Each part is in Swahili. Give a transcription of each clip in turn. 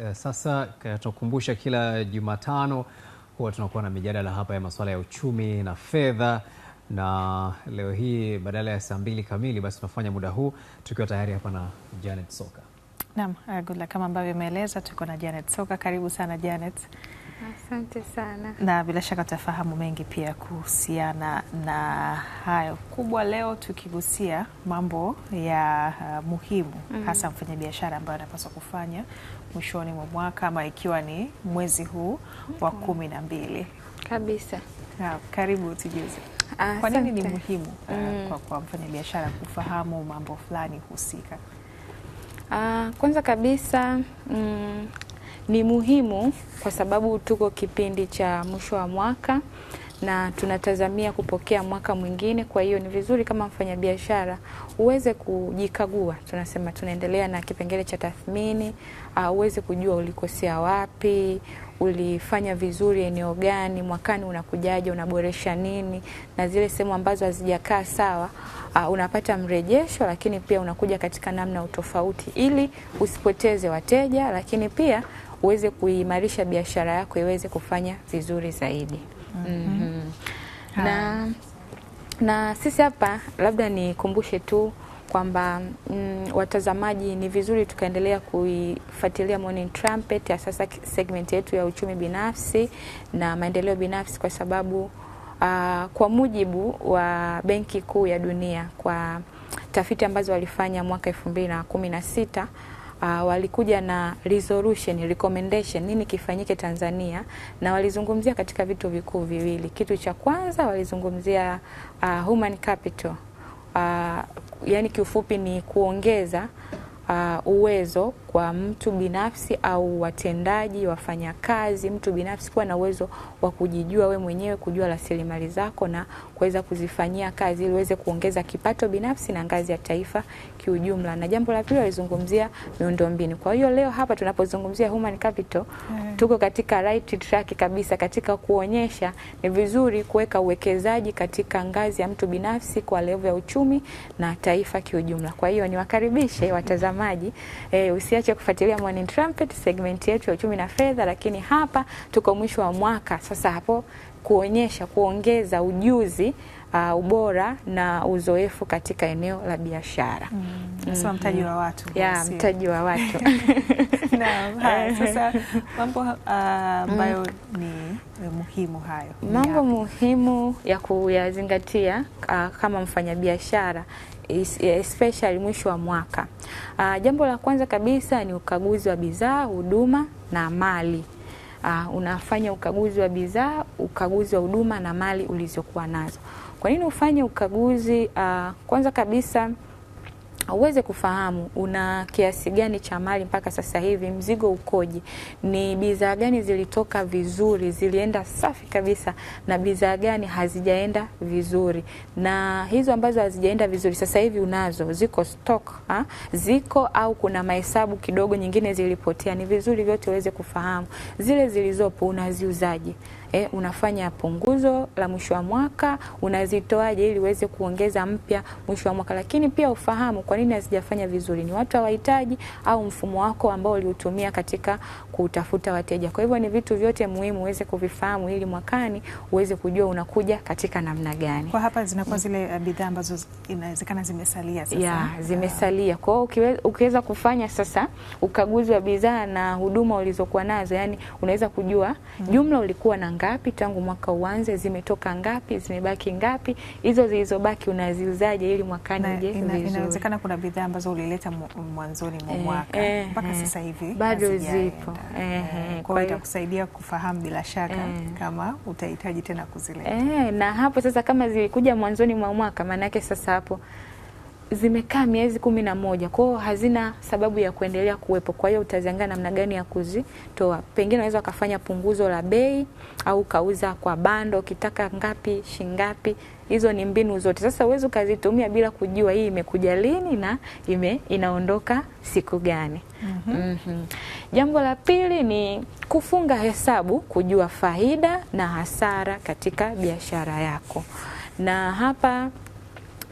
Eh, sasa tunakumbusha kila Jumatano huwa tunakuwa na mijadala hapa ya masuala ya uchumi na fedha, na leo hii badala ya saa mbili kamili basi tunafanya muda huu tukiwa tayari hapa na Janet Soka. Naam, Gudla, kama ambavyo imeeleza tuko na Janet Soka. Karibu sana Janet. Asante sana. Na bila shaka tutafahamu mengi pia kuhusiana na hayo kubwa. Leo tukigusia mambo ya uh, muhimu mm. hasa mfanyabiashara ambayo anapaswa kufanya mwishoni mwa mwaka ama ikiwa ni mwezi huu wa mm-hmm. kumi na mbili kabisa. Ha, karibu tujuze kwa nini ni muhimu uh, mm. kwa, kwa mfanyabiashara kufahamu mambo fulani husika. Uh, kwanza kabisa mm, ni muhimu kwa sababu tuko kipindi cha mwisho wa mwaka na tunatazamia kupokea mwaka mwingine. Kwa hiyo ni vizuri kama mfanyabiashara uweze kujikagua, tunasema tunaendelea na kipengele cha tathmini, uh, uweze kujua ulikosea wapi, ulifanya vizuri eneo gani, mwakani unakujaje, unaboresha nini, na zile sehemu ambazo hazijakaa sawa, uh, unapata mrejesho, lakini pia unakuja katika namna utofauti, ili usipoteze wateja, lakini pia uweze kuimarisha biashara yako iweze kufanya vizuri zaidi. mm -hmm. Na, na sisi hapa labda nikumbushe tu kwamba mm, watazamaji ni vizuri tukaendelea kuifuatilia Morning Trumpet, sasa segment yetu ya uchumi binafsi na maendeleo binafsi, kwa sababu uh, kwa mujibu wa Benki Kuu ya Dunia kwa tafiti ambazo walifanya mwaka elfu mbili na kumi na sita uh, walikuja na resolution recommendation, nini kifanyike Tanzania, na walizungumzia katika vitu vikuu viwili. Kitu cha kwanza walizungumzia uh, human capital uh, ah, yani kiufupi ni kuongeza uh, uwezo kwa mtu binafsi au watendaji, wafanyakazi, mtu binafsi kuwa na uwezo wa kujijua we mwenyewe, kujua rasilimali zako na kuweza kuzifanyia kazi ili uweze kuongeza kipato binafsi na ngazi ya taifa kiujumla. Na jambo la pili walizungumzia miundombinu. Kwa hiyo leo hapa tunapozungumzia human capital mm, tuko katika right track kabisa katika kuonyesha ni vizuri kuweka uwekezaji katika ngazi ya mtu binafsi kwa level ya uchumi na taifa kiujumla. Kwa hiyo niwakaribishe watazamaji eh, usiache kufuatilia Morning Trumpet, segment yetu ya uchumi na fedha, lakini hapa tuko mwisho wa mwaka sasa, hapo kuonyesha kuongeza ujuzi uh, ubora na uzoefu katika eneo la biashara mm. mm -hmm. mtaji wa watu yeah, mtaji wa watu na, haya sasa mambo ambayo uh, mm. ni eh, muhimu hayo, mambo muhimu ya kuyazingatia uh, kama mfanyabiashara especially mwisho wa mwaka uh, jambo la kwanza kabisa ni ukaguzi wa bidhaa, huduma na mali. Uh, unafanya ukaguzi wa bidhaa, ukaguzi wa huduma na mali ulizokuwa nazo. Kwa nini ufanye ukaguzi? Uh, kwanza kabisa uweze kufahamu una kiasi gani cha mali mpaka sasa hivi, mzigo ukoje, ni bidhaa gani zilitoka vizuri, zilienda safi kabisa, na bidhaa gani hazijaenda vizuri, na hizo ambazo hazijaenda vizuri sasa hivi unazo, ziko stock ha? Ah, ziko au kuna mahesabu kidogo, nyingine zilipotea. Ni vizuri vyote uweze kufahamu. Zile zilizopo unaziuzaje? eh, unafanya punguzo la mwisho wa mwaka, unazitoaje ili uweze kuongeza mpya mwisho wa mwaka. Lakini pia ufahamu kwa nini hazijafanya vizuri, ni watu hawahitaji au mfumo wako ambao uliutumia katika kutafuta wateja. Kwa hivyo ni vitu vyote muhimu uweze kuvifahamu ili mwakani uweze kujua unakuja katika namna gani. Kwa hapa zinakuwa zile eh, bidhaa ambazo inawezekana zimesalia sasa. Ya, ah. zimesalia. Kwa hiyo ukiweza kufanya sasa ukaguzi wa bidhaa na huduma ulizokuwa nazo, yani unaweza kujua mm. jumla ulikuwa na ngapi tangu mwaka uanze, zimetoka ngapi, zimebaki ngapi, hizo zilizobaki unaziuzaje ili mwakani je? inawezekana kuna bidhaa ambazo ulileta mwanzoni mwa eh, mwaka eh, mpaka eh, sasa hivi bado zipo eh, eh, eh kwa hiyo itakusaidia kufahamu bila shaka eh, kama utahitaji tena kuzileta eh, na hapo sasa kama zilikuja mwanzoni mwa mwaka maanake sasa hapo zimekaa miezi kumi na moja, kwao hazina sababu ya kuendelea kuwepo. Kwa hiyo utaziangaa namna gani ya kuzitoa. Pengine unaweza ukafanya punguzo la bei au ukauza kwa bando, ukitaka ngapi shingapi. Hizo ni mbinu zote. Sasa huwezi ukazitumia bila kujua hii imekuja lini na ime, inaondoka siku gani. mm -hmm. Mm -hmm. Jambo la pili ni kufunga hesabu, kujua faida na hasara katika biashara yako, na hapa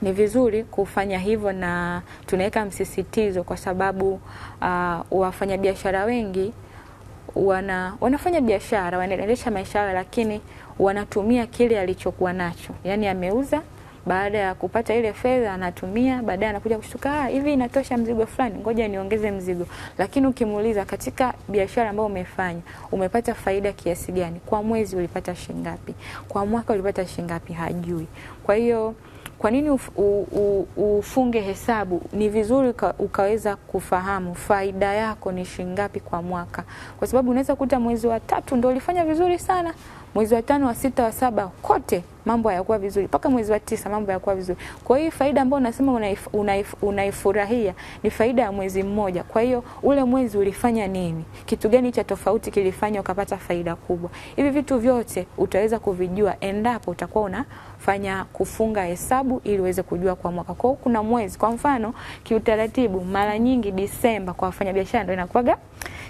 ni vizuri kufanya hivyo, na tunaweka msisitizo kwa sababu uh, wafanyabiashara wengi wana, wanafanya biashara wanaendesha maisha yao, lakini wanatumia kile alichokuwa nacho, yani ameuza baada ya kupata ile fedha anatumia, baadaye anakuja kushtuka, ah, hivi inatosha mzigo fulani, ngoja niongeze mzigo. Lakini ukimuuliza katika biashara ambayo umefanya umepata faida kiasi gani, kwa mwezi ulipata shilingi ngapi, kwa mwaka ulipata shilingi ngapi, hajui. Kwa hiyo kwa nini uf, u, u, ufunge hesabu? Ni vizuri uka, ukaweza kufahamu faida yako ni shilingi ngapi kwa mwaka, kwa sababu unaweza kuta mwezi wa tatu ndio ulifanya vizuri sana mwezi wa tano, wa sita, wa saba kote mambo hayakuwa vizuri, mpaka mwezi wa tisa mambo hayakuwa vizuri. Kwa hiyo faida ambayo unasema unaif, unaif, unaifurahia ni faida ya mwezi mmoja. Kwa hiyo ule mwezi ulifanya nini? Kitu gani cha tofauti kilifanya ukapata faida kubwa? Hivi vitu vyote utaweza kuvijua endapo utakuwa unafanya kufunga hesabu ili uweze kujua kwa mwaka. Kwa hiyo kuna mwezi, kwa mfano kiutaratibu, mara nyingi Disemba kwa wafanyabiashara ndio inakuwaga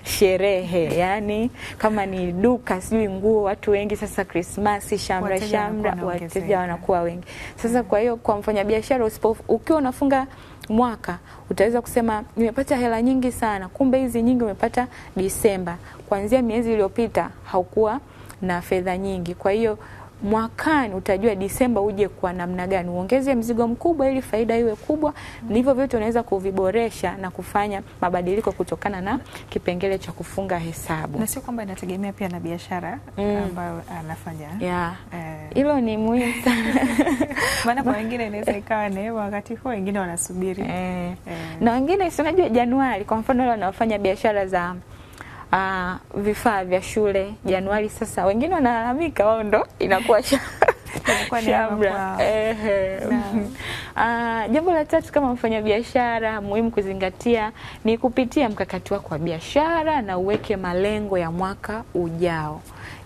sherehe, yani kama ni duka sijui nguo, watu wengi sasa Krismasi, shamra shamra, wateja wanakuwa wengi sasa. Kwa hiyo kwa mfanyabiashara, usipo ukiwa unafunga mwaka utaweza kusema nimepata hela nyingi sana, kumbe hizi nyingi umepata Disemba, kuanzia miezi iliyopita haukuwa na fedha nyingi, kwa hiyo mwakani utajua Disemba uje kwa namna gani, uongeze mzigo mkubwa ili faida iwe kubwa. Ndivyo hivyo vyote unaweza kuviboresha na kufanya mabadiliko kutokana na kipengele cha kufunga hesabu, na sio kwamba inategemea pia na biashara mm, ambayo anafanya yeah. Eh. Hilo ni muhimu sana maana kwa wengine inaweza ikawa neema wakati huo, wengine wanasubiri eh. Eh. na wengine si unajua Januari kwa mfano wale wanaofanya biashara za uh, vifaa vya shule Januari. Sasa wengine wanalalamika, wao ndo inakuwa shamra. Uh, jambo la tatu kama mfanyabiashara muhimu kuzingatia ni kupitia mkakati wako wa biashara na uweke malengo ya mwaka ujao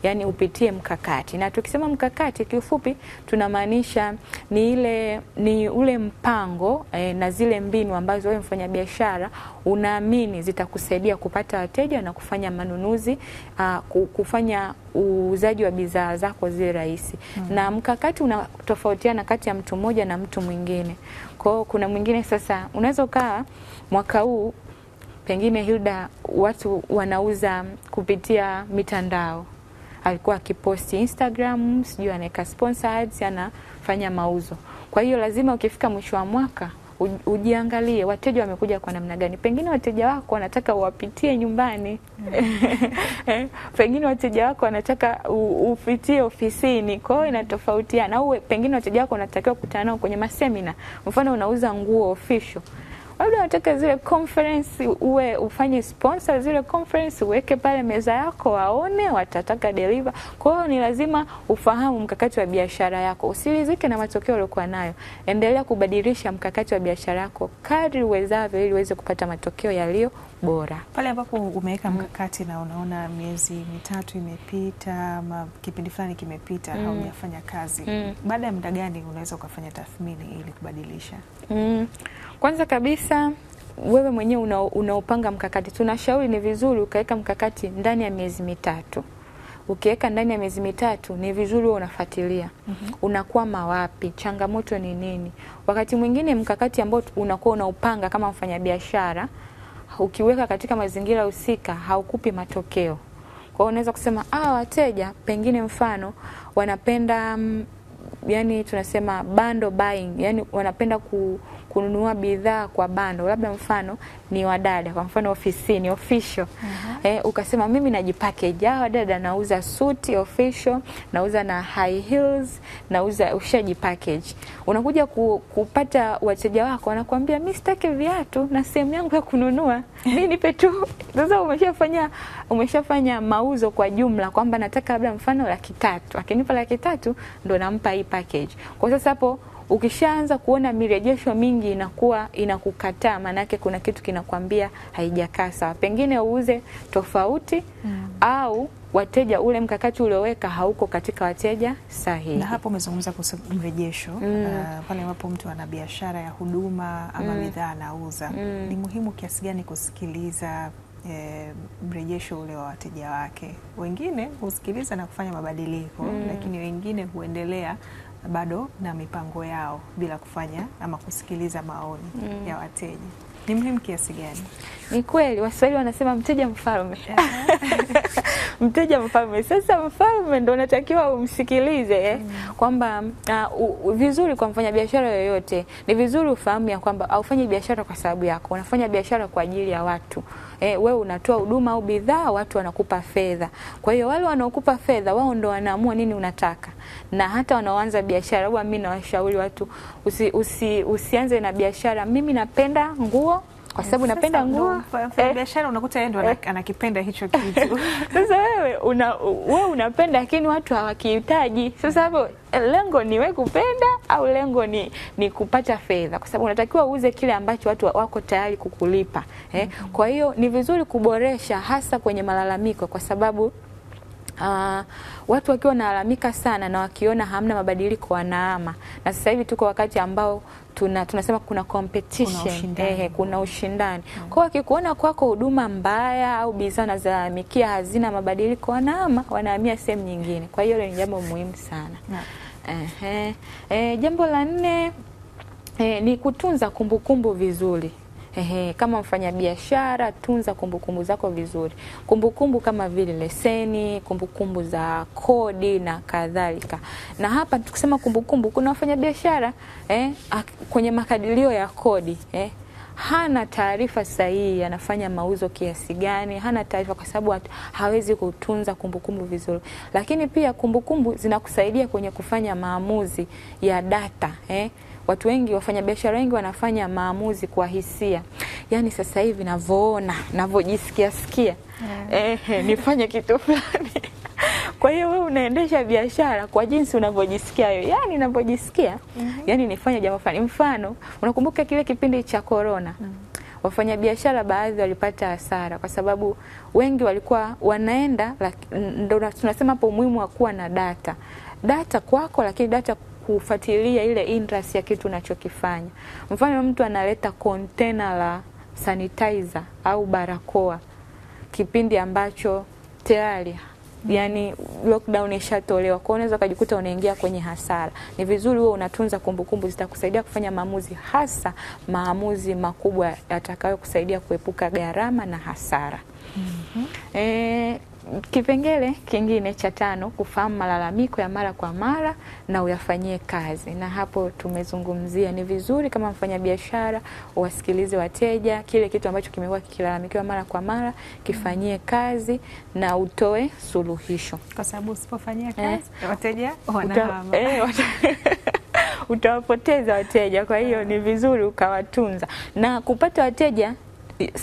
yani upitie mkakati. Na tukisema mkakati, kiufupi tunamaanisha ni ile ni ule mpango eh, na zile mbinu ambazo wewe mfanyabiashara unaamini zitakusaidia kupata wateja na kufanya manunuzi uh, kufanya uuzaji wa bidhaa zako zile rahisi mm. Na mkakati unatofautiana kati ya mtu mmoja na mtu mwingine. Kwa hiyo kuna mwingine sasa, unaweza ukaa mwaka huu pengine Hilda, watu wanauza kupitia mitandao alikuwa akiposti Instagram, sijui anaweka sponsors, anafanya mauzo. Kwa hiyo lazima ukifika mwisho wa mwaka ujiangalie wateja wamekuja kwa namna gani. Pengine wateja wako wanataka uwapitie nyumbani mm. pengine wateja wako wanataka upitie ofisini, kwa hiyo inatofautiana. Au pengine wateja wako wanatakiwa kukutana nao kwenye masemina, mfano unauza nguo official labda unataka zile conference uwe ufanye sponsor zile conference uweke pale meza yako, waone, watataka deliver. Kwa hiyo ni lazima ufahamu mkakati wa biashara yako, usiridhike na matokeo uliokuwa nayo. Endelea kubadilisha mkakati wa biashara yako kadri uwezavyo, ili uweze kupata matokeo yaliyo bora. Pale ambapo umeweka mkakati na unaona miezi mitatu imepita ama kipindi fulani kimepita mm. haujafanya kazi mm. baada ya muda gani unaweza ukafanya tathmini ili kubadilisha? mm. Kwanza kabisa wewe mwenyewe unaopanga mkakati, tunashauri ni vizuri ukaweka mkakati ndani ya miezi mitatu. Ukiweka ndani ya miezi mitatu ni vizuri wewe unafuatilia mm -hmm. unakwama wapi, changamoto ni nini. Wakati mwingine mkakati ambao unakuwa unaupanga kama mfanyabiashara ukiweka katika mazingira husika haukupi matokeo. Kwa hiyo unaweza kusema ah, wateja pengine mfano wanapenda mm, yani tunasema bando buying, yani wanapenda ku, kununua bidhaa kwa bando, labda mfano ni wadada, kwa mfano ofisini official uh mhm. -huh. Eh, ukasema mimi najipackage, ah, wadada nauza suti official, nauza na high heels, nauza ushajipackage. Unakuja ku, kupata wateja wako wanakuambia mimi sitaki viatu na sehemu yangu ya kununua mimi nipe tu. Sasa umeshafanya umeshafanya mauzo kwa jumla kwamba nataka labda mfano laki tatu, akinipa laki tatu ndo nampa hii package. Kwa sasa hapo Ukishaanza kuona mirejesho mingi inakuwa inakukataa, maanake kuna kitu kinakwambia haijakaa sawa, pengine uuze tofauti mm. au wateja ule mkakati ulioweka hauko katika wateja sahihi. Na hapo umezungumza kuhusu mrejesho mm. Uh, pale ambapo mtu ana biashara ya huduma ama mm. bidhaa mm. anauza mm. ni muhimu kiasi gani kusikiliza E, mrejesho ule wa wateja wake. Wengine husikiliza na kufanya mabadiliko mm. lakini wengine huendelea bado na mipango yao bila kufanya ama kusikiliza maoni mm. ya wateja. Ni muhimu kiasi gani? Ni kweli Waswahili wanasema mteja mfalme. Mteja mfalme. Sasa mfalme ndo unatakiwa umsikilize eh? mm. kwamba uh, vizuri kwa mfanya biashara yoyote ni vizuri ufahamu ya kwamba haufanyi biashara kwa sababu yako, unafanya biashara kwa ajili ya watu e, wewe unatoa huduma au bidhaa, watu wanakupa fedha. Kwa hiyo wale wanaokupa fedha wao ndo wanaamua nini unataka, na hata wanaoanza biashara, huwa mimi nawashauri watu usi, usi, usianze na biashara. Mimi napenda nguo kwa sababu napenda nguo. Biashara eh. unakuta yeye ndo eh. anakipenda hicho kitu. Sasa wewe una wewe unapenda, lakini watu hawakihitaji. Sasa hapo lengo ni wewe kupenda au lengo ni, ni kupata fedha? Kwa sababu unatakiwa uuze kile ambacho watu wako tayari kukulipa eh. Mm-hmm. Kwa hiyo ni vizuri kuboresha hasa kwenye malalamiko, kwa sababu Uh, watu wakiwa wanalalamika sana na wakiona hamna mabadiliko wanaama, na sasa hivi tuko wakati ambao tuna, tunasema kuna competition, kuna ushindani, ehe, kuna ushindani. Mm. Kwa wakikuona kwako huduma mbaya au bidhaa unazoamikia hazina mabadiliko wanaama, wanahamia sehemu nyingine. Kwa hiyo ni jambo muhimu sana. yeah. Ehe. E, jambo la nne e, ni kutunza kumbukumbu kumbu vizuri Ehe, kama biashara tunza kumbukumbu zako vizuri, kumbukumbu kama vile leseni, kumbukumbu za kodi na kadhalika. Na hapa tukisema kumbukumbu, kuna biashara eh, kwenye makadirio ya kodi eh, hana taarifa sahihi, anafanya mauzo kiasi gani, hana taarifa kwa sababu hawezi kutunza kumbukumbu vizuri. Lakini pia kumbukumbu zinakusaidia kwenye kufanya maamuzi ya data eh watu wengi, wafanyabiashara wengi wanafanya maamuzi kwa hisia. Yani sasa hivi navyoona, navyojisikia sikia, yeah. Eh, nifanye kitu fulani kwa hiyo wewe unaendesha biashara kwa jinsi unavyojisikia wewe, yani unavyojisikia mm -hmm. Yani nifanye jambo fulani. Mfano, unakumbuka kile kipindi cha korona mm -hmm. Wafanyabiashara baadhi walipata hasara kwa sababu wengi walikuwa wanaenda, ndo tunasema hapo umuhimu wa kuwa na data data kwako, lakini data kufuatilia ile interest ya kitu unachokifanya. Mfano, mtu analeta kontena la sanitizer au barakoa kipindi ambacho tayari yani lockdown ishatolewa, kwa unaweza ukajikuta unaingia kwenye hasara. Ni vizuri wewe unatunza kumbukumbu, zitakusaidia kufanya maamuzi, hasa maamuzi makubwa yatakayokusaidia kuepuka gharama na hasara. mm -hmm. E, Kipengele kingine cha tano, kufahamu malalamiko ya mara kwa mara na uyafanyie kazi. Na hapo tumezungumzia ni vizuri kama mfanyabiashara uwasikilize wateja, kile kitu ambacho kimekuwa kikilalamikiwa mara kwa mara kifanyie kazi na utoe suluhisho, kwa sababu usipofanyia eh. kazi eh, wateja wanahama eh, wata... utawapoteza wateja. Kwa hiyo ni vizuri ukawatunza na kupata wateja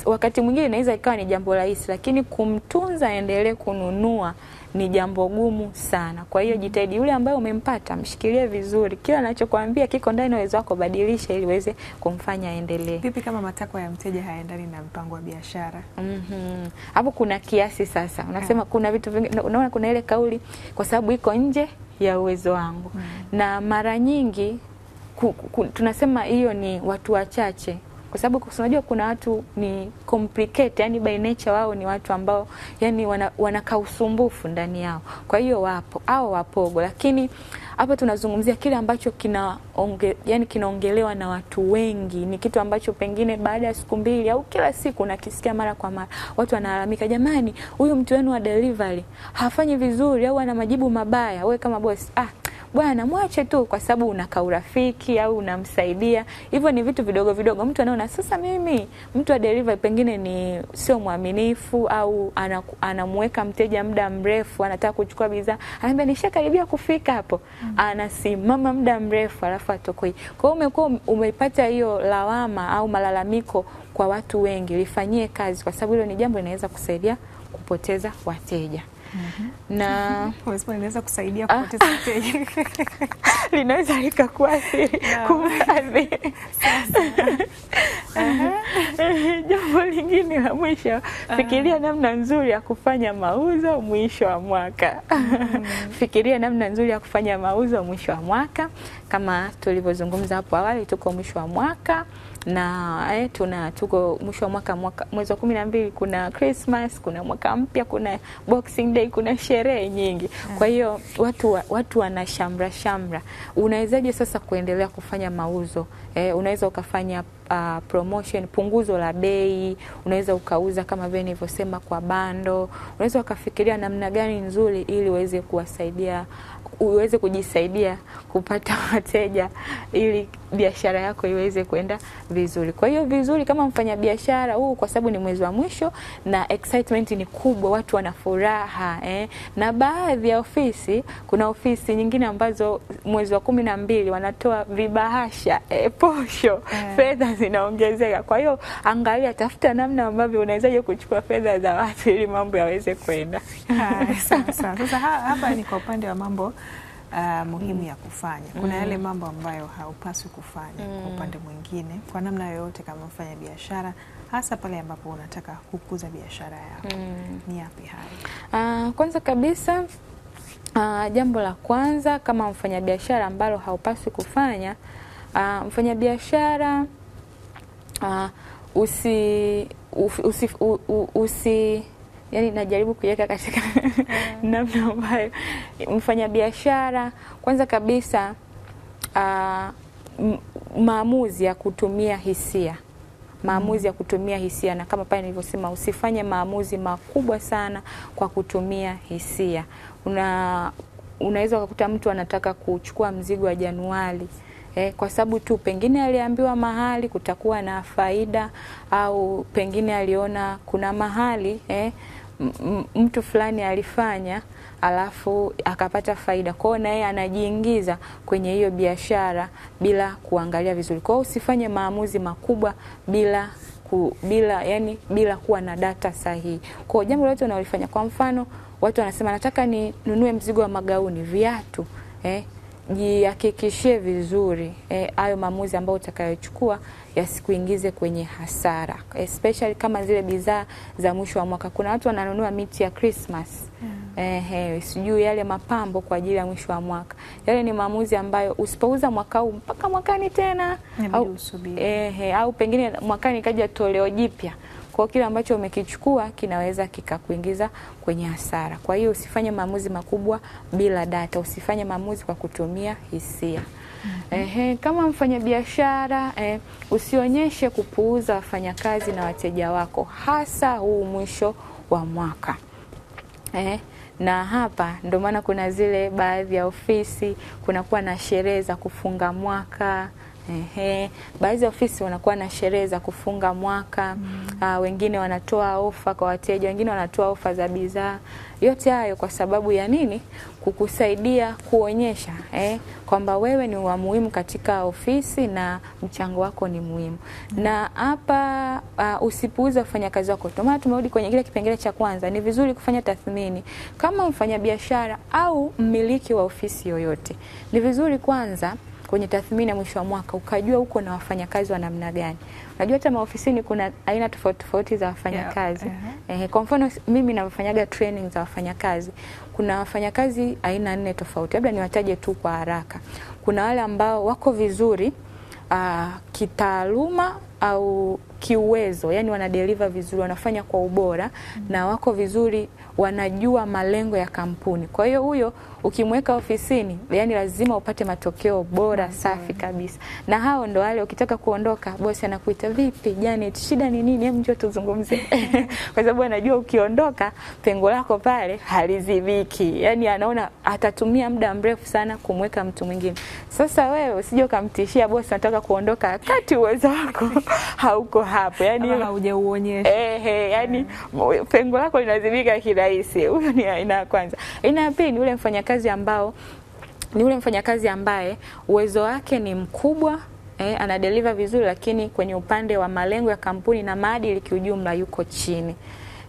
wakati mwingine inaweza ikawa ni jambo rahisi, lakini kumtunza aendelee kununua ni jambo gumu sana. Kwa hiyo jitahidi, yule ambaye umempata mshikilie vizuri, kila anachokuambia kiko ndani uwezo wako, badilisha ili uweze kumfanya aendelee. Vipi kama matakwa ya mteja hayaendani na mpango wa biashara? mm -hmm. Hapo kuna kiasi sasa, unasema ha. Ah. kuna vitu vingi, unaona kuna ile kauli, kwa sababu iko nje ya uwezo wangu mm -hmm. na mara nyingi ku, ku, tunasema hiyo ni watu wachache kwa sababu unajua kuna watu ni complicated, yani by nature wao ni watu ambao yani wana, wanaka usumbufu ndani yao, kwa hiyo wapo au wapogo, lakini hapa tunazungumzia kile ambacho kina onge, yani kinaongelewa na watu wengi, ni kitu ambacho pengine baada ya siku mbili au kila siku nakisikia mara kwa mara, watu wanalalamika, jamani, huyu mtu wenu wa delivery hafanyi vizuri au ana majibu mabaya. Wewe kama boss ah bwana, mwache tu kwa sababu una kaurafiki au unamsaidia. Hivyo ni vitu vidogo vidogo mtu anaona. Sasa mimi mtu wa delivery pengine ni sio mwaminifu au anamweka mteja muda mrefu, anataka kuchukua bidhaa, anaambia nishakaribia kufika hapo, mm -hmm. anasimama muda mrefu alafu atokoi. Kwa hiyo umekuwa umepata hiyo lawama au malalamiko kwa watu wengi. Lifanyie kazi, kwa sababu hilo ni jambo linaweza kusaidia kupoteza wateja. Mm-hmm. na linaweza kusaidia ah. kupoteza mteja, linaweza likakuathiri kumradhi. Jambo lingine la mwisho, ah. fikiria namna nzuri ya kufanya mauzo mwisho wa mwaka. Mm. Fikiria namna nzuri ya kufanya mauzo mwisho wa mwaka. Kama tulivyozungumza hapo awali, tuko mwisho wa mwaka na eh, tuna tuko mwisho wa mwaka, mwaka mwezi wa kumi na mbili kuna Christmas, kuna mwaka mpya, kuna Boxing Day, kuna sherehe nyingi. Mm. Kwa hiyo watu watu wana shamra shamra. Unawezaje sasa kuendelea kufanya mauzo eh? Unaweza ukafanya Uh, promotion punguzo la bei, unaweza ukauza kama vile nilivyosema kwa bando. Unaweza ukafikiria namna gani nzuri ili uweze kuwasaidia uweze kujisaidia kupata wateja ili biashara yako iweze kwenda vizuri. Kwa hiyo vizuri kama mfanya biashara huu, kwa sababu ni mwezi wa mwisho na excitement ni kubwa, watu wana furaha eh. Na baadhi ya ofisi, kuna ofisi nyingine ambazo mwezi wa kumi na mbili wanatoa vibahasha eh, posho yeah. Fedha zinaongezeka, kwa hiyo angalia, tafuta namna ambavyo unawezaje kuchukua fedha za watu ili mambo yaweze kwenda. Sasa hapa ni kwa upande wa mambo uh, muhimu ya kufanya. Kuna yale mm. mambo ambayo haupaswi kufanya mm. kwa upande mwingine, kwa namna yoyote, kama mfanya biashara, hasa pale ambapo unataka kukuza biashara yako mm. ni yapi hayo? Uh, kwanza kabisa uh, jambo la kwanza kama mfanyabiashara ambalo haupaswi kufanya uh, mfanyabiashara uh, usi, usi, usi, usi yani najaribu kuiweka katika namna ambayo mfanyabiashara kwanza kabisa uh, maamuzi ya kutumia hisia maamuzi ya kutumia hisia, na kama pale nilivyosema, usifanye maamuzi makubwa sana kwa kutumia hisia. Una unaweza ukakuta mtu anataka kuchukua mzigo wa Januari eh, kwa sababu tu pengine aliambiwa mahali kutakuwa na faida au pengine aliona kuna mahali eh, mtu fulani alifanya alafu akapata faida kwao, na yeye anajiingiza kwenye hiyo biashara bila kuangalia vizuri. Kwa hiyo usifanye maamuzi makubwa bila ku, bila yani, bila kuwa na data sahihi. Kwa jambo lolote unaolifanya, kwa mfano watu wanasema nataka ninunue mzigo wa magauni, viatu eh jihakikishie vizuri e, hayo e, maamuzi ambayo utakayochukua yasikuingize kwenye hasara, especially kama zile bidhaa za mwisho wa mwaka. Kuna watu wananunua miti ya Christmas mm. sijui yale mapambo kwa ajili ya mwisho wa mwaka. Yale ni maamuzi ambayo usipouza mwaka huu mpaka mwakani tena au, ehe, au pengine mwakani kaja toleo jipya kwa kile ambacho umekichukua kinaweza kikakuingiza kwenye hasara. Kwa hiyo usifanye maamuzi makubwa bila data, usifanye maamuzi kwa kutumia hisia. Mhm. Ehe, kama mfanyabiashara eh, usionyeshe kupuuza wafanyakazi na wateja wako hasa huu mwisho wa mwaka. Ehe, na hapa ndio maana kuna zile baadhi ya ofisi kunakuwa na sherehe za kufunga mwaka. Ehe, baadhi ya ofisi wanakuwa na sherehe za kufunga mwaka mm. Aa, ah, wengine wanatoa ofa kwa wateja, wengine wanatoa ofa za bidhaa. Yote hayo kwa sababu ya nini? Kukusaidia kuonyesha eh, kwamba wewe ni wa muhimu katika ofisi na mchango wako ni muhimu mm. Na hapa uh, usipuuze wafanyakazi wako. Ndio tumerudi kwenye kile kipengele cha kwanza, ni vizuri kufanya tathmini kama mfanyabiashara au mmiliki wa ofisi yoyote. Ni vizuri kwanza kwenye tathmini ya mwisho wa mwaka ukajua uko na wafanyakazi wa namna gani. Unajua hata maofisini kuna aina tofauti tofauti za wafanyakazi. Yeah. Uh -huh. Eh, kwa mfano mimi nafanyaga training za wafanyakazi. Kuna wafanyakazi aina nne tofauti. Labda niwataje tu kwa haraka. Kuna wale ambao wako vizuri uh, kitaaluma au kiuwezo, yani wanadeliver vizuri, wanafanya kwa ubora mm -hmm. na wako vizuri, wanajua malengo ya kampuni. Kwa hiyo huyo ukimweka ofisini, yani lazima upate matokeo bora mm -hmm. safi kabisa. Na hao ndo wale ukitaka kuondoka, bosi anakuita vipi, Janet, shida ni nini? Hem, njoo tuzungumze kwa sababu anajua ukiondoka pengo lako pale halizibiki, yani anaona atatumia muda mrefu sana kumweka mtu mwingine. Sasa wewe usije ukamtishia bosi, nataka kuondoka, wakati uwezo wako hauko hapo yani, haujauonyesha ehe, yani pengo lako linazibika kirahisi. Huyo ni aina ya kwanza. Aina ya pili ni ule mfanyakazi ambao ni ule mfanyakazi ambaye uwezo wake ni mkubwa eh, deliver vizuri, lakini kwenye upande wa malengo ya kampuni na maadili kiujumla yuko chini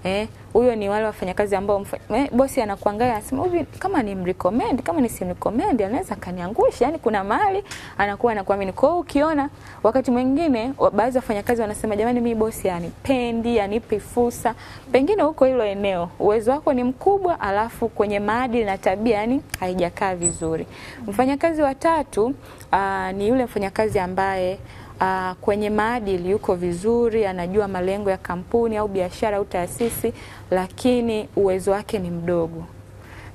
eh, huyo ni wale wafanyakazi ambao mfanya, eh, bosi anakuangalia anasema hivi kama ni nimrecommend kama ni si nisimrecommend anaweza kaniangusha, yani kuna mahali anakuwa anakuamini. Kwa hiyo ukiona wakati mwingine baadhi ya wafanyakazi wanasema jamani, mimi bosi anipendi, anipi fursa, pengine huko hilo eneo uwezo wako ni mkubwa, alafu kwenye maadili na tabia yani haijakaa vizuri. Mfanyakazi wa tatu aa, ah, ni yule mfanyakazi ambaye uh, kwenye maadili yuko vizuri, anajua malengo ya kampuni au biashara au taasisi, lakini uwezo wake ni mdogo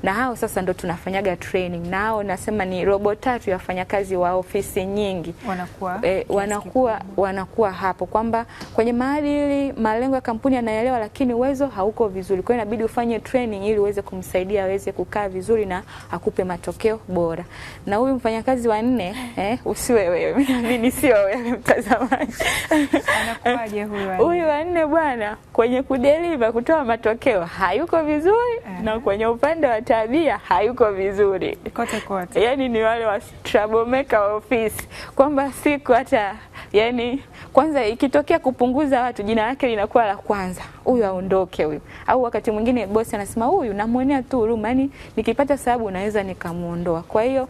na hao sasa ndo tunafanyaga training na hao, nasema ni robo tatu ya wafanyakazi wa ofisi nyingi wanakuwa, e, wanakuwa, wanakuwa hapo kwamba kwenye maadili malengo ya kampuni yanaelewa, lakini uwezo hauko vizuri. Kwa hiyo inabidi ufanye training ili uweze kumsaidia aweze kukaa vizuri na akupe matokeo bora. Na huyu mfanyakazi wa nne eh, usiwe wewe, mimi sio wewe mtazamaji. Anakuwaje huyu? Huyu wa nne bwana, kwenye kudeliver kutoa matokeo hayuko vizuri, uh na kwenye upande wa tabia hayuko vizuri kote kote, yani ni wale wa troublemaker wa ofisi, kwamba siku hata yani kwanza ikitokea kupunguza watu, jina lake linakuwa la kwanza, huyu aondoke huyu. Au wakati mwingine bosi anasema huyu namwonea tu huruma, yani nikipata sababu naweza nikamuondoa. Kwa hiyo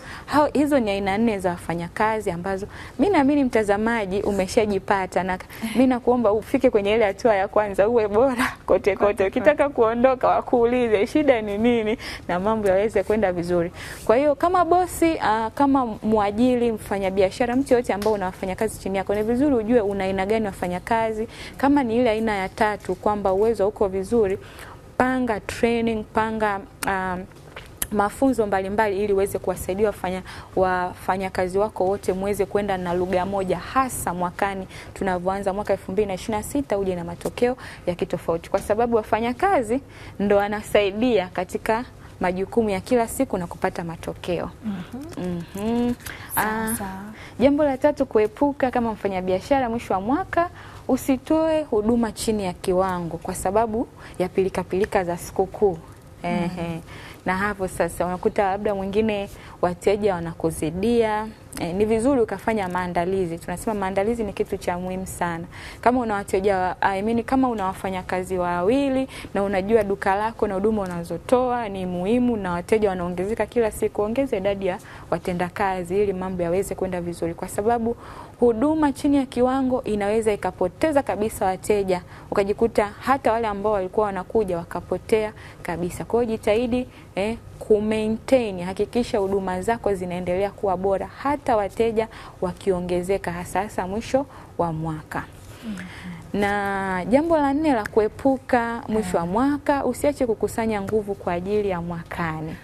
hizo ni aina nne za wafanyakazi ambazo mimi naamini mtazamaji umeshajipata, na mimi nakuomba ufike kwenye ile hatua ya kwanza, uwe bora kote kote. Ukitaka kuondoka, wakuulize shida ni nini, na mambo yaweze kwenda vizuri. Kwa hiyo kama bosi, uh, kama mwajiri, mfanyabiashara, mtu yote ambao una wafanyakazi chini yako, ni vizuri ujue una kuna aina gani wafanyakazi. Kama ni ile aina ya tatu kwamba uwezo uko vizuri, panga training, panga um, mafunzo mbalimbali mbali ili uweze kuwasaidia wafanya wafanyakazi wako wote muweze kwenda na lugha moja, hasa mwakani tunavyoanza mwaka 2026 uje na matokeo ya kitofauti, kwa sababu wafanyakazi ndo wanasaidia katika majukumu ya kila siku na kupata matokeo. mm -hmm. Mm -hmm. Ah, Sawa, Jambo la tatu, kuepuka kama mfanyabiashara, mwisho wa mwaka usitoe huduma chini ya kiwango kwa sababu ya pilikapilika -pilika za sikukuu. mm -hmm. na hapo sasa unakuta labda mwingine wateja wanakuzidia eh, ni vizuri ukafanya maandalizi. Tunasema maandalizi ni kitu cha muhimu sana. Kama una wateja I mean, kama una wafanyakazi wawili na unajua duka lako na huduma unazotoa ni muhimu na wateja wanaongezeka kila siku, ongeza idadi ya watendakazi ili mambo yaweze kwenda vizuri, kwa sababu huduma chini ya kiwango inaweza ikapoteza kabisa wateja, ukajikuta hata wale ambao walikuwa wanakuja wakapotea kabisa. Kwa hiyo jitahidi eh, kumaintain, hakikisha huduma zako zinaendelea kuwa bora hata wateja wakiongezeka, hasa hasa mwisho wa mwaka. Mm-hmm. Na jambo la nne la kuepuka mwisho wa mm. mwaka, usiache kukusanya nguvu kwa ajili ya mwakani.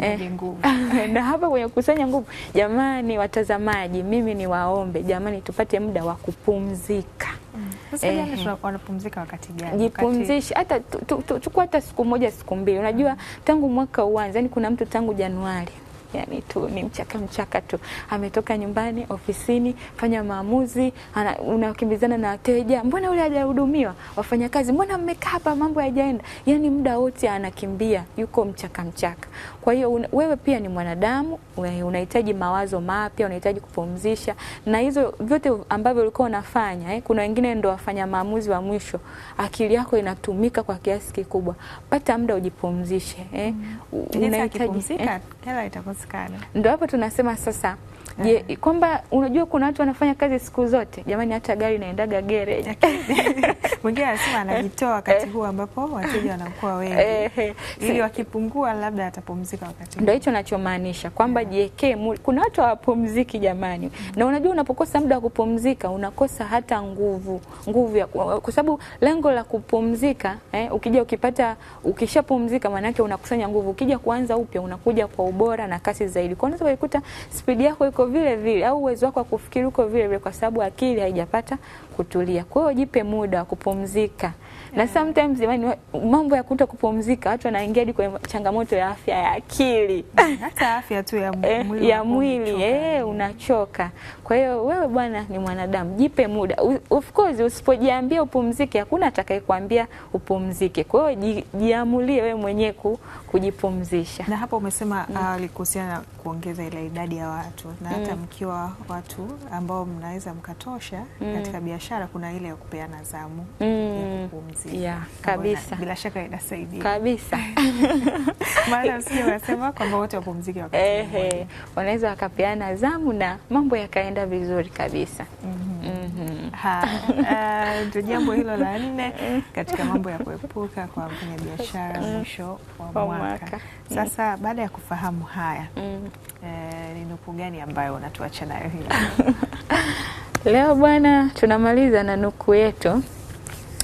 Eh. nguvu na hapa kwenye kusanya nguvu, jamani watazamaji, mimi ni waombe jamani, tupate muda wa kupumzika. Mm. Eh, eh. Wanapumzika wakati gani? Jipumzishe hata chukua hata siku moja siku mbili. Unajua, tangu mwaka uanze, yani kuna mtu tangu Januari yani tu ni mchaka mchaka tu, ametoka nyumbani, ofisini, fanya maamuzi, unakimbizana na wateja, mbona ule hajahudumiwa, wafanyakazi, mbona mmekaa hapa, mambo hayajaenda, yani muda wote anakimbia, yuko mchaka mchaka. Kwa hiyo wewe pia ni mwanadamu, unahitaji mawazo mapya, unahitaji kupumzisha, na hizo vyote ambavyo ulikuwa unafanya eh, kuna wengine ndio wafanya maamuzi wa mwisho. Akili yako inatumika kwa kiasi kikubwa, pata muda ujipumzishe eh. Mm. Unahitaji eh. kupumzika, hela itakosekana. Ndio hapo tunasema sasa Je, yeah. kwamba unajua kuna watu wanafanya kazi siku zote jamani, hata gari inaendaga gereji mwingine anasema anajitoa wakati huu ambapo wateja wanakuwa wengi ili wakipungua labda atapumzika wakati. Ndio hicho nachomaanisha kwamba yeah. JK kuna watu hawapumziki jamani, mm -hmm. na unajua unapokosa muda wa kupumzika unakosa hata nguvu nguvu ya kwa sababu lengo la kupumzika eh, ukija ukipata ukishapumzika maanake unakusanya nguvu, ukija kuanza upya unakuja kwa ubora na kasi zaidi, kwa unaweza kuikuta spidi yako iko uko vile vile au uwezo wako wa kufikiri uko vile vile, kwa sababu akili haijapata kutulia. Kwa hiyo jipe muda wa kupumzika. Na sometimes jamani, mambo ya kuto kupumzika, watu wanaingia hadi kwenye changamoto ya afya ya akili, mm, hata afya tu ya eh, mwili, ya mwili eh, unachoka. Kwa hiyo wewe bwana ni mwanadamu, jipe muda. Of course usipojiambia upumzike, hakuna atakayekwambia upumzike. Kwa hiyo jiamulie wewe mwenyewe kujipumzisha. Na hapo umesema mm. awali ah, kuhusiana na kuongeza ile idadi ya watu na hata mm. mkiwa watu ambao mnaweza mkatosha katika biashara biashara kuna ile ya kupeana zamu mm. ya kupumzika Bila shaka inasaidia kabisa maana kwamba wote wapumzike wakati wanaweza wakapeana zamu na mambo yakaenda vizuri kabisa mhm. Mhm. Eh, ndio jambo hilo la nne katika mambo ya kuepuka kwa mfanyabiashara mwisho wa mwaka. Sasa baada ya kufahamu haya mm. eh, ni nukuu gani ambayo unatuacha nayo hilo? Leo bwana, tunamaliza na nukuu yetu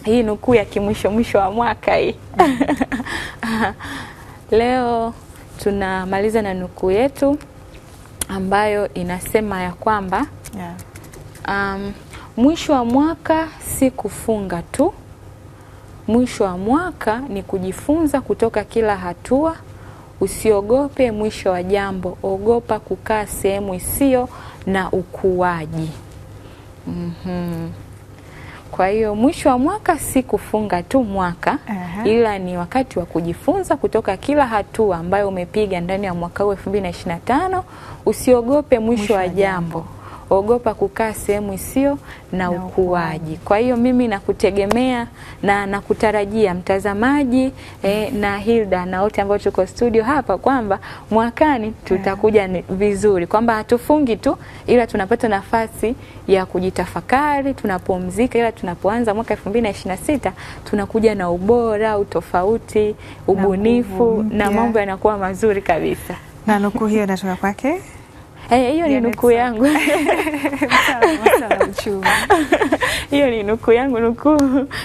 hii, nukuu ya kimwisho mwisho wa mwaka hii leo tunamaliza na nukuu yetu ambayo inasema ya kwamba yeah. Um, mwisho wa mwaka si kufunga tu, mwisho wa mwaka ni kujifunza kutoka kila hatua. Usiogope mwisho wa jambo, ogopa kukaa sehemu isiyo na ukuaji mm -hmm. Kwa hiyo mwisho wa mwaka si kufunga tu mwaka uh-huh. ila ni wakati wa kujifunza kutoka kila hatua ambayo umepiga ndani ya mwaka huu 2025. Usiogope mwisho, mwisho wa jambo, jambo ogopa kukaa sehemu isiyo na ukuaji. Kwa hiyo mimi nakutegemea na nakutarajia mtazamaji eh, na Hilda na wote ambao tuko studio hapa kwamba mwakani tutakuja eh. vizuri, kwamba hatufungi tu, ila tunapata nafasi ya kujitafakari, tunapumzika, ila tunapoanza mwaka sita tunakuja na ubora, utofauti, ubunifu na, na mambo yanakuwa mazuri kabisa. Na nukuu hiyo natoka kwake Eh, hiyo ni nukuu yangu, hiyo ni nukuu yangu, nukuu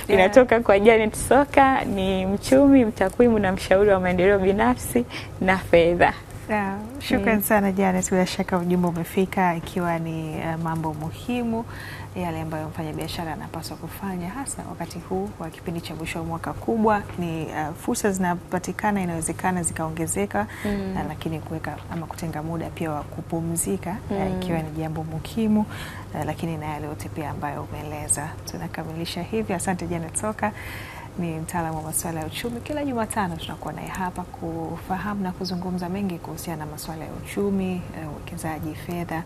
inatoka kwa Janet Soka, ni mchumi, mtakwimu na mshauri wa maendeleo binafsi na fedha. Yeah, shukran mm. sana Janet, bila shaka ujumbe umefika, ikiwa ni uh, mambo muhimu yale ambayo mfanyabiashara anapaswa kufanya hasa wakati huu wa kipindi cha mwisho wa mwaka kubwa. Ni uh, fursa zinapatikana, inawezekana zikaongezeka mm. uh, lakini kuweka ama kutenga muda pia wa kupumzika mm. uh, ikiwa ni jambo muhimu uh, lakini na yale yote pia ambayo umeeleza, tunakamilisha hivi. Asante Janet Soka ni mtaalamu wa masuala ya uchumi. Kila Jumatano tunakuwa naye hapa kufahamu na kuzungumza mengi kuhusiana na masuala ya uchumi, eh, uwekezaji, fedha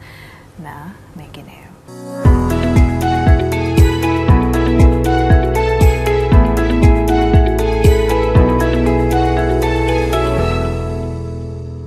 na mengineyo.